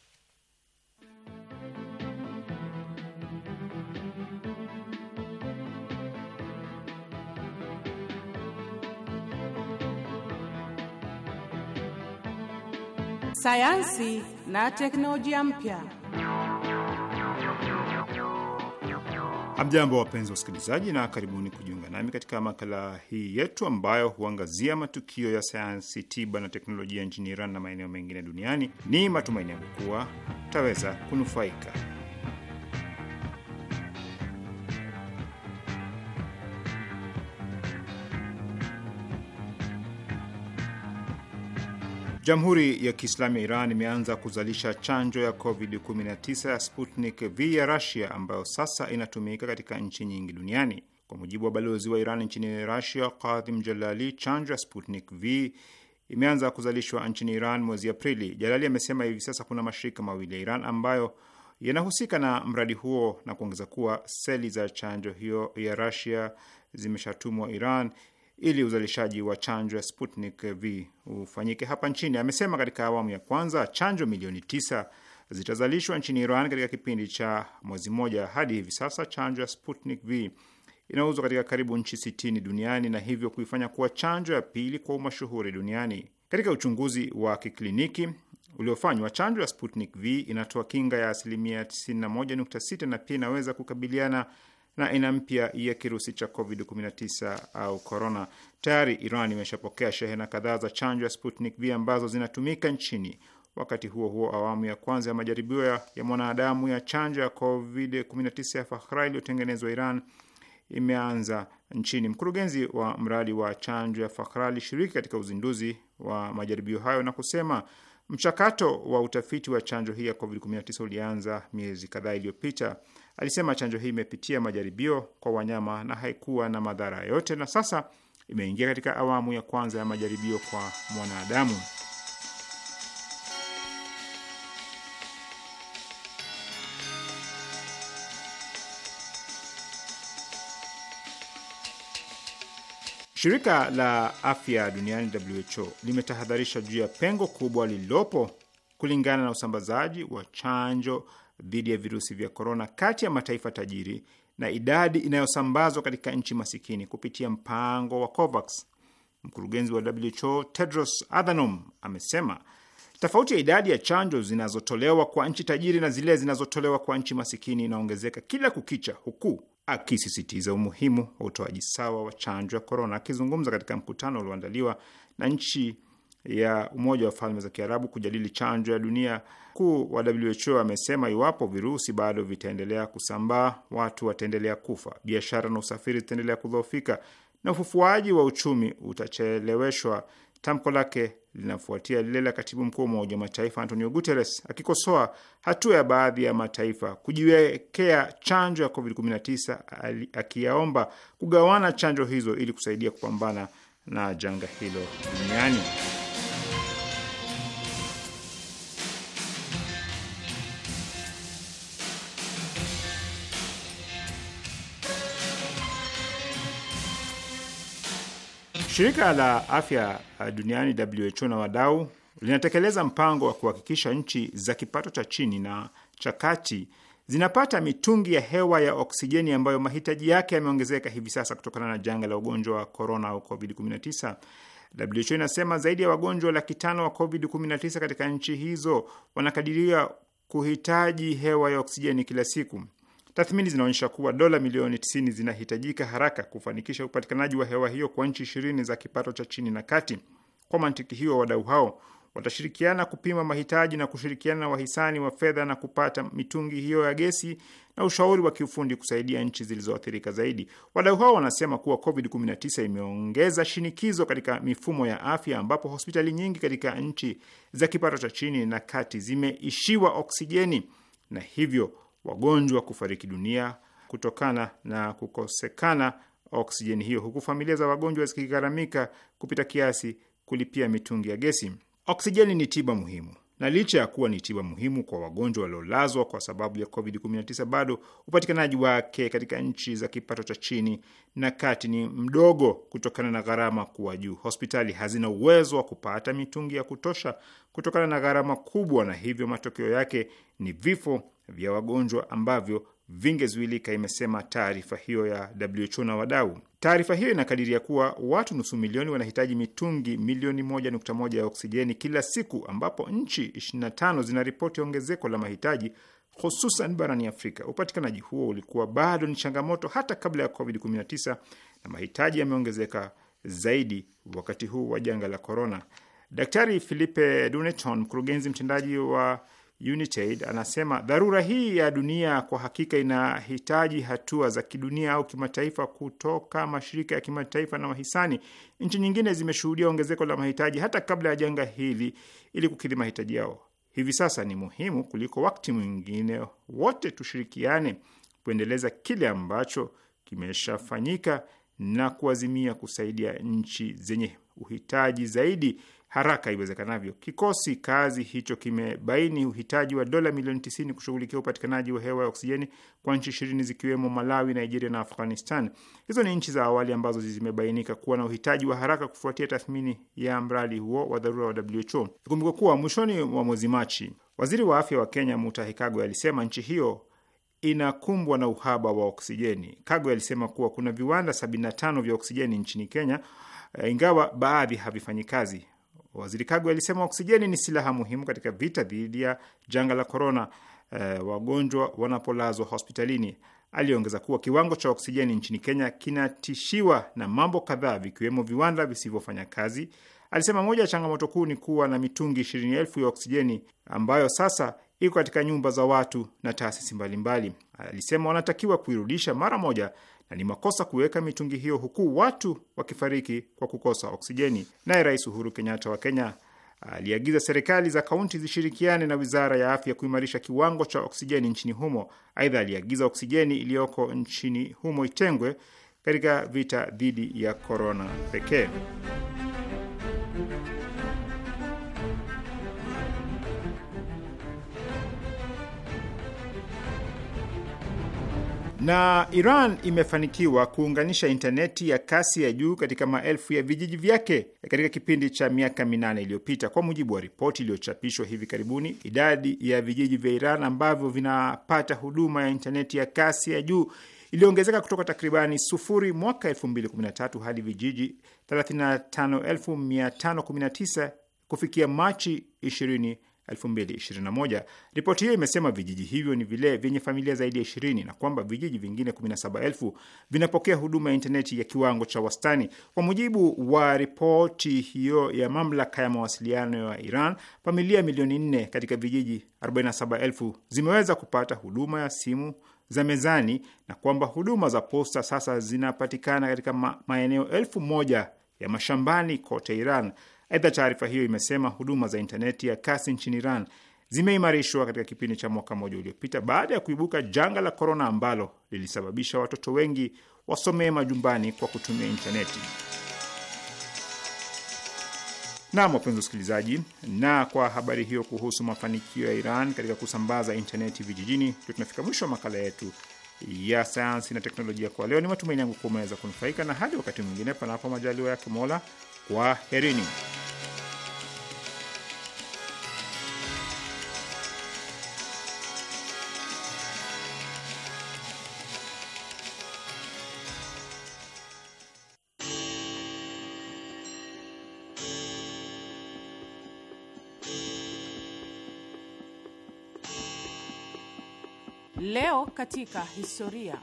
sayansi na teknolojia mpya. Hamjambo, wapenzi wa usikilizaji, na karibuni kujiunga nami katika makala hii yetu ambayo huangazia matukio ya sayansi, tiba na teknolojia nchini Iran na maeneo mengine duniani. Ni matumaini yangu kuwa taweza kunufaika. Jamhuri ya Kiislamu ya Iran imeanza kuzalisha chanjo ya COVID-19 ya Sputnik V ya Russia ambayo sasa inatumika katika nchi nyingi duniani. Kwa mujibu wa balozi wa Iran nchini Russia, Kadhim Jalali, chanjo ya Sputnik V imeanza kuzalishwa nchini Iran mwezi Aprili. Jalali amesema hivi sasa kuna mashirika mawili ya Iran ambayo yanahusika na mradi huo na kuongeza kuwa seli za chanjo hiyo ya Russia zimeshatumwa Iran ili uzalishaji wa chanjo ya Sputnik V ufanyike hapa nchini. Amesema katika awamu ya kwanza chanjo milioni tisa zitazalishwa nchini Iran katika kipindi cha mwezi mmoja. Hadi hivi sasa chanjo ya Sputnik V inauzwa katika karibu nchi sitini duniani na hivyo kuifanya kuwa chanjo ya pili kwa umashuhuri duniani. Katika uchunguzi wa kikliniki uliofanywa, chanjo ya Sputnik V inatoa kinga ya asilimia 91.6 na pia inaweza kukabiliana na aina mpya ya kirusi cha COVID-19 au corona. Tayari Iran imeshapokea shehena kadhaa za chanjo ya Sputnik V ambazo zinatumika nchini. Wakati huo huo, awamu ya kwanza ya majaribio ya, ya mwanadamu ya chanjo ya COVID-19 ya Fakhra iliyotengenezwa Iran imeanza nchini. Mkurugenzi wa mradi wa chanjo ya Fakhra alishiriki katika uzinduzi wa majaribio hayo na kusema mchakato wa utafiti wa chanjo hii ya COVID-19 ulianza miezi kadhaa iliyopita. Alisema chanjo hii imepitia majaribio kwa wanyama na haikuwa na madhara yote, na sasa imeingia katika awamu ya kwanza ya majaribio kwa mwanadamu. Shirika la afya duniani WHO limetahadharisha juu ya pengo kubwa lililopo kulingana na usambazaji wa chanjo dhidi ya virusi vya korona kati ya mataifa tajiri na idadi inayosambazwa katika nchi masikini kupitia mpango wa COVAX. Mkurugenzi wa WHO Tedros Adhanom amesema tofauti ya idadi ya chanjo zinazotolewa kwa nchi tajiri na zile zinazotolewa kwa nchi masikini inaongezeka kila kukicha, huku akisisitiza umuhimu wa utoaji sawa wa chanjo ya korona. Akizungumza katika mkutano ulioandaliwa na nchi ya Umoja wa Falme za Kiarabu kujadili chanjo ya dunia. Mkuu wa WHO amesema iwapo virusi bado vitaendelea kusambaa, watu wataendelea kufa, biashara na usafiri zitaendelea kudhoofika na ufufuaji wa uchumi utacheleweshwa. Tamko lake linafuatia lile la katibu mkuu wa Umoja wa Mataifa Antonio Guterres akikosoa hatua ya baadhi ya mataifa kujiwekea chanjo ya COVID-19, akiyaomba kugawana chanjo hizo ili kusaidia kupambana na janga hilo duniani. Shirika la afya uh, duniani WHO na wadau linatekeleza mpango wa kuhakikisha nchi za kipato cha chini na cha kati zinapata mitungi ya hewa ya oksijeni ambayo mahitaji yake yameongezeka hivi sasa kutokana na janga la ugonjwa wa korona au COVID-19. WHO inasema zaidi ya wagonjwa laki tano wa COVID-19 katika nchi hizo wanakadiria kuhitaji hewa ya oksijeni kila siku. Tathmini zinaonyesha kuwa dola milioni 90 zinahitajika haraka kufanikisha upatikanaji wa hewa hiyo kwa nchi ishirini za kipato cha chini na kati. Kwa mantiki hiyo, wadau hao watashirikiana kupima mahitaji na kushirikiana na wahisani wa fedha na kupata mitungi hiyo ya gesi na ushauri wa kiufundi kusaidia nchi zilizoathirika zaidi. Wadau hao wanasema kuwa COVID-19 imeongeza shinikizo katika mifumo ya afya, ambapo hospitali nyingi katika nchi za kipato cha chini na kati zimeishiwa oksijeni na hivyo wagonjwa kufariki dunia kutokana na kukosekana oksijeni hiyo, huku familia za wagonjwa zikigharamika kupita kiasi kulipia mitungi ya gesi. Oksijeni ni tiba muhimu, na licha ya kuwa ni tiba muhimu kwa wagonjwa waliolazwa kwa sababu ya COVID-19, bado upatikanaji wake katika nchi za kipato cha chini na kati ni mdogo kutokana na gharama kuwa juu. Hospitali hazina uwezo wa kupata mitungi ya kutosha kutokana na gharama kubwa, na hivyo matokeo yake ni vifo vya wagonjwa ambavyo vingezuilika, imesema taarifa hiyo ya WHO na wadau. Taarifa hiyo inakadiria kuwa watu nusu milioni wanahitaji mitungi milioni moja nukta moja ya oksijeni kila siku, ambapo nchi 25 zinaripoti ongezeko la mahitaji hususan barani Afrika. Upatikanaji huo ulikuwa bado ni changamoto hata kabla ya COVID-19 na mahitaji yameongezeka zaidi wakati huu wa janga la korona. Daktari Philippe Duneton, mkurugenzi mtendaji wa United anasema dharura hii ya dunia kwa hakika inahitaji hatua za kidunia au kimataifa kutoka mashirika ya kimataifa na wahisani. Nchi nyingine zimeshuhudia ongezeko la mahitaji hata kabla ya janga hili, ili kukidhi mahitaji yao. Hivi sasa ni muhimu kuliko wakati mwingine wote, tushirikiane kuendeleza kile ambacho kimeshafanyika na kuazimia kusaidia nchi zenye uhitaji zaidi haraka iwezekanavyo. Kikosi kazi hicho kimebaini uhitaji wa dola milioni 90 kushughulikia upatikanaji wa hewa ya oksijeni kwa nchi ishirini zikiwemo Malawi, Nigeria na Afghanistan. Hizo ni nchi za awali ambazo zimebainika kuwa na uhitaji wa haraka kufuatia tathmini ya mradi huo wa dharura wa WHO. Ikumbuka kuwa mwishoni mwa mwezi Machi, waziri wa afya wa Kenya Mutahi Kagwe alisema nchi hiyo inakumbwa na uhaba wa oksijeni. Kagwe alisema kuwa kuna viwanda 75 vya oksijeni nchini Kenya, eh, ingawa baadhi havifanyi kazi. Waziri Kagwe alisema oksijeni ni silaha muhimu katika vita dhidi ya janga la korona, e, eh, wagonjwa wanapolazwa hospitalini. Aliongeza kuwa kiwango cha oksijeni nchini Kenya kinatishiwa na mambo kadhaa, vikiwemo viwanda visivyofanya kazi. Alisema moja ya changamoto kuu ni kuwa na mitungi ishirini elfu ya oksijeni ambayo sasa iko katika nyumba za watu na taasisi mbalimbali. Alisema wanatakiwa kuirudisha mara moja na ni makosa kuweka mitungi hiyo huku watu wakifariki kwa kukosa oksijeni. Naye Rais Uhuru Kenyatta wa Kenya aliagiza serikali za kaunti zishirikiane na wizara ya afya kuimarisha kiwango cha oksijeni nchini humo. Aidha, aliagiza oksijeni iliyoko nchini humo itengwe katika vita dhidi ya korona pekee. na Iran imefanikiwa kuunganisha intaneti ya kasi ya juu katika maelfu ya vijiji vyake katika kipindi cha miaka minane iliyopita. Kwa mujibu wa ripoti iliyochapishwa hivi karibuni, idadi ya vijiji vya Iran ambavyo vinapata huduma ya intaneti ya kasi ya juu iliongezeka kutoka takribani sufuri mwaka 2013 hadi vijiji 35519 kufikia Machi 2021. Ripoti hiyo imesema vijiji hivyo ni vile vyenye familia zaidi ya 20 na kwamba vijiji vingine 17,000 vinapokea huduma ya intaneti ya kiwango cha wastani. Kwa mujibu wa ripoti hiyo ya mamlaka ya mawasiliano ya Iran, familia milioni 4 katika vijiji 47,000 zimeweza kupata huduma ya simu za mezani na kwamba huduma za posta sasa zinapatikana katika ma maeneo elfu moja ya mashambani kote Iran. Aidha, taarifa hiyo imesema huduma za intaneti ya kasi nchini Iran zimeimarishwa katika kipindi cha mwaka mmoja uliopita baada ya kuibuka janga la korona ambalo lilisababisha watoto wengi wasomee majumbani kwa kutumia intaneti. Nam, wapenzi wasikilizaji, na kwa habari hiyo kuhusu mafanikio ya Iran katika kusambaza intaneti vijijini, ndio tunafika mwisho wa makala yetu ya sayansi na teknolojia kwa leo. Ni matumaini yangu kuwa umeweza kunufaika, na hadi wakati mwingine, panapo majaliwa yake Mola, kwa herini. Leo katika historia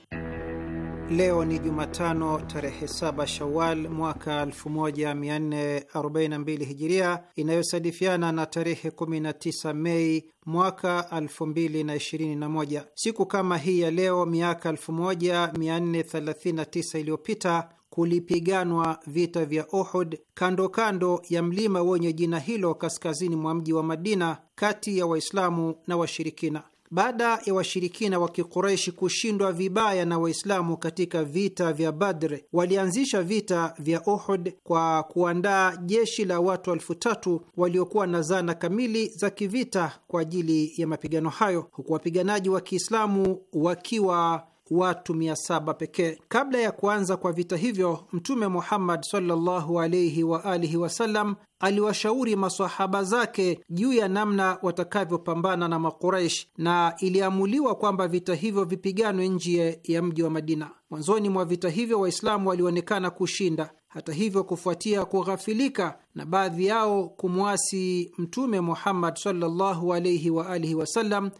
Leo ni Jumatano tarehe 7 Shawal mwaka 1442 Hijiria, inayosadifiana na tarehe 19 Mei mwaka 2021. Siku kama hii ya leo miaka 1439 iliyopita kulipiganwa vita vya Uhud kando kando ya mlima wenye jina hilo kaskazini mwa mji wa Madina, kati ya Waislamu na washirikina. Baada ya washirikina wa Kikureshi kushindwa vibaya na Waislamu katika vita vya Badr, walianzisha vita vya Uhud kwa kuandaa jeshi la watu elfu tatu waliokuwa na zana kamili za kivita kwa ajili ya mapigano hayo, huku wapiganaji wa Kiislamu wakiwa watu mia saba pekee. Kabla ya kuanza kwa vita hivyo, Mtume Muhammad sallallahu alaihi wa alihi wasallam aliwashauri masahaba zake juu ya namna watakavyopambana na Makuraish, na iliamuliwa kwamba vita hivyo vipiganwe nje ya mji wa Madina. Mwanzoni mwa vita hivyo Waislamu walionekana kushinda. Hata hivyo, kufuatia kughafilika na baadhi yao kumwasi Mtume Muhammad sallallahu alaihi wa alihi wasallam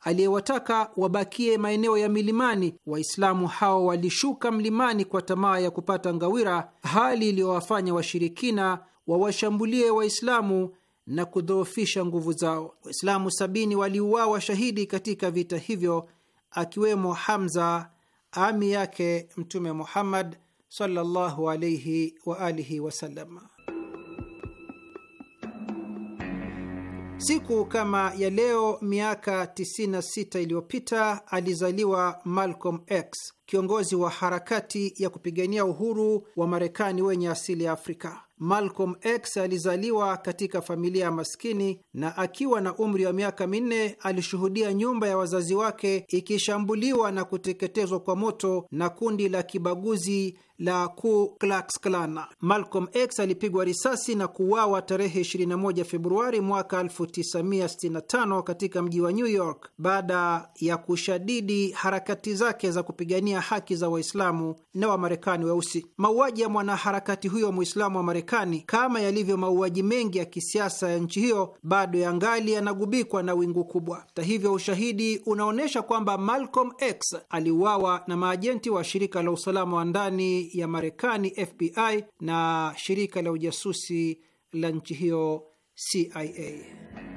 aliyewataka wabakie maeneo ya milimani. Waislamu hao walishuka mlimani kwa tamaa ya kupata ngawira, hali iliyowafanya washirikina wawashambulie Waislamu na kudhoofisha nguvu zao. Waislamu sabini waliuawa shahidi katika vita hivyo, akiwemo Hamza, ami yake Mtume Muhammad sallallahu alaihi waalihi wasallam. Siku kama ya leo miaka 96 iliyopita alizaliwa Malcolm X, kiongozi wa harakati ya kupigania uhuru wa Marekani wenye asili ya Afrika. Malcolm X alizaliwa katika familia ya maskini na akiwa na umri wa miaka minne alishuhudia nyumba ya wazazi wake ikishambuliwa na kuteketezwa kwa moto na kundi la kibaguzi la Ku Klux Klan. Malcolm X alipigwa risasi na kuuawa tarehe 21 Februari mwaka 1965 katika mji wa New York baada ya kushadidi harakati zake za kupigania haki za Waislamu na Wamarekani weusi. Mauaji ya mwanaharakati huyo Mwislamu wa Marekani, kama yalivyo mauaji mengi ya kisiasa ya nchi hiyo, bado ya ngali yanagubikwa na wingu kubwa. Hata hivyo, ushahidi unaonyesha kwamba Malcolm X aliuawa na maajenti wa shirika la usalama wa ndani ya Marekani FBI na shirika la ujasusi la nchi hiyo CIA.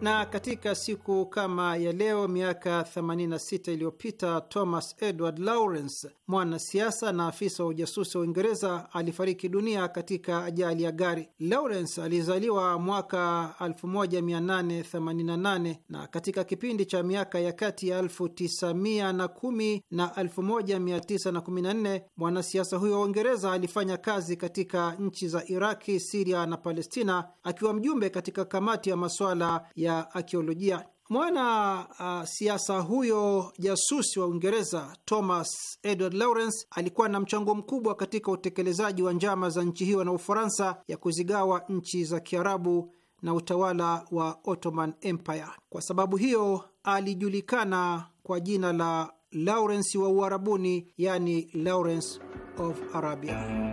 Na katika siku kama ya leo miaka 86 iliyopita Thomas Edward Lawrence, mwanasiasa na afisa wa ujasusi wa Uingereza, alifariki dunia katika ajali ya gari. Lawrence alizaliwa mwaka 1888 na katika kipindi cha miaka ya kati ya 1910 na 1914 mwanasiasa huyo wa Uingereza alifanya kazi katika nchi za Iraki, Siria na Palestina akiwa mjumbe katika kamati ya masuala ya ya akiolojia. Mwana uh, siasa huyo jasusi wa Uingereza Thomas Edward Lawrence alikuwa na mchango mkubwa katika utekelezaji wa njama za nchi hiyo na Ufaransa ya kuzigawa nchi za Kiarabu na utawala wa Ottoman Empire. Kwa sababu hiyo alijulikana kwa jina la Lawrence wa Uarabuni, yani Lawrence of Arabia.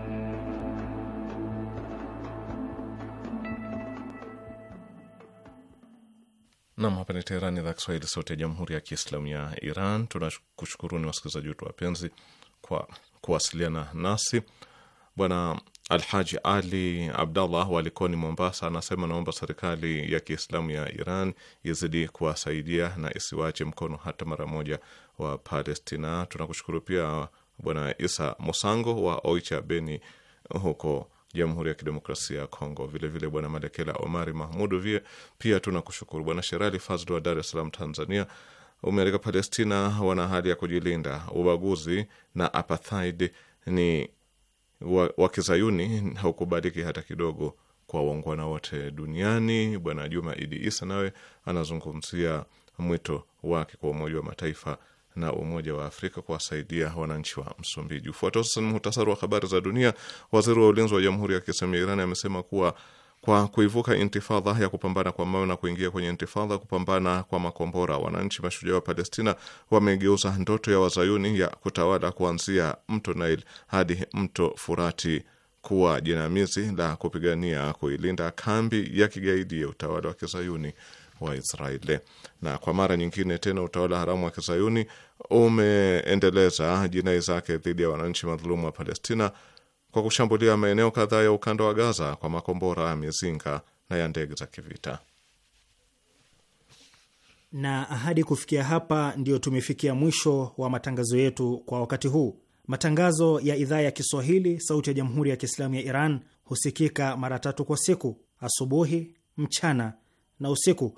Nam, hapa ni Teherani, idhaa Kiswahili, sauti ya jamhuri ya kiislamu ya Iran. Tunakushukuruni wasikilizaji wetu wapenzi kwa kuwasiliana nasi. Bwana Alhaji Ali Abdallah walikoni Mombasa anasema naomba serikali ya kiislamu ya Iran izidi kuwasaidia na isiwache mkono hata mara moja wa Palestina. Tunakushukuru pia Bwana Isa Musango wa Oicha Beni huko Jamhuri ya Kidemokrasia ya Kongo. Vilevile Bwana Malekela Omari Mahmudu vie pia tunakushukuru. Bwana Sherali Fazl wa Dar es Salaam, Tanzania, umeandika Palestina wana hali ya kujilinda, ubaguzi na apartheid ni wa, wa kizayuni haukubaliki hata kidogo kwa waungwana wote duniani. Bwana Juma Idi Isa nawe anazungumzia mwito wake kwa Umoja wa Mataifa na Umoja wa Afrika kuwasaidia wananchi wa Msumbiji. Ufuatao sasa ni muhtasari wa habari za dunia. Waziri wa ulinzi wa Jamhuri ya Kiislamu ya Iran amesema kuwa kwa kuivuka intifadha ya kupambana kwa mawe na kuingia kwenye intifadha kupambana kwa makombora, wananchi mashujaa wa Palestina wamegeuza ndoto ya wazayuni ya kutawala kuanzia mto Nile hadi mto Furati kuwa jinamizi la kupigania kuilinda kambi ya kigaidi ya utawala wa kizayuni wa Israeli. Na kwa mara nyingine tena utawala haramu wa kizayuni umeendeleza jinai zake dhidi ya wananchi madhulumu wa Palestina kwa kushambulia maeneo kadhaa ya ukanda wa Gaza kwa makombora ya mizinga na ya ndege za kivita. Na ahadi kufikia hapa, ndiyo tumefikia mwisho wa matangazo yetu kwa wakati huu. Matangazo ya idhaa ya Kiswahili sauti ya jamhuri ya Kiislamu ya Iran husikika mara tatu kwa siku: asubuhi, mchana na usiku.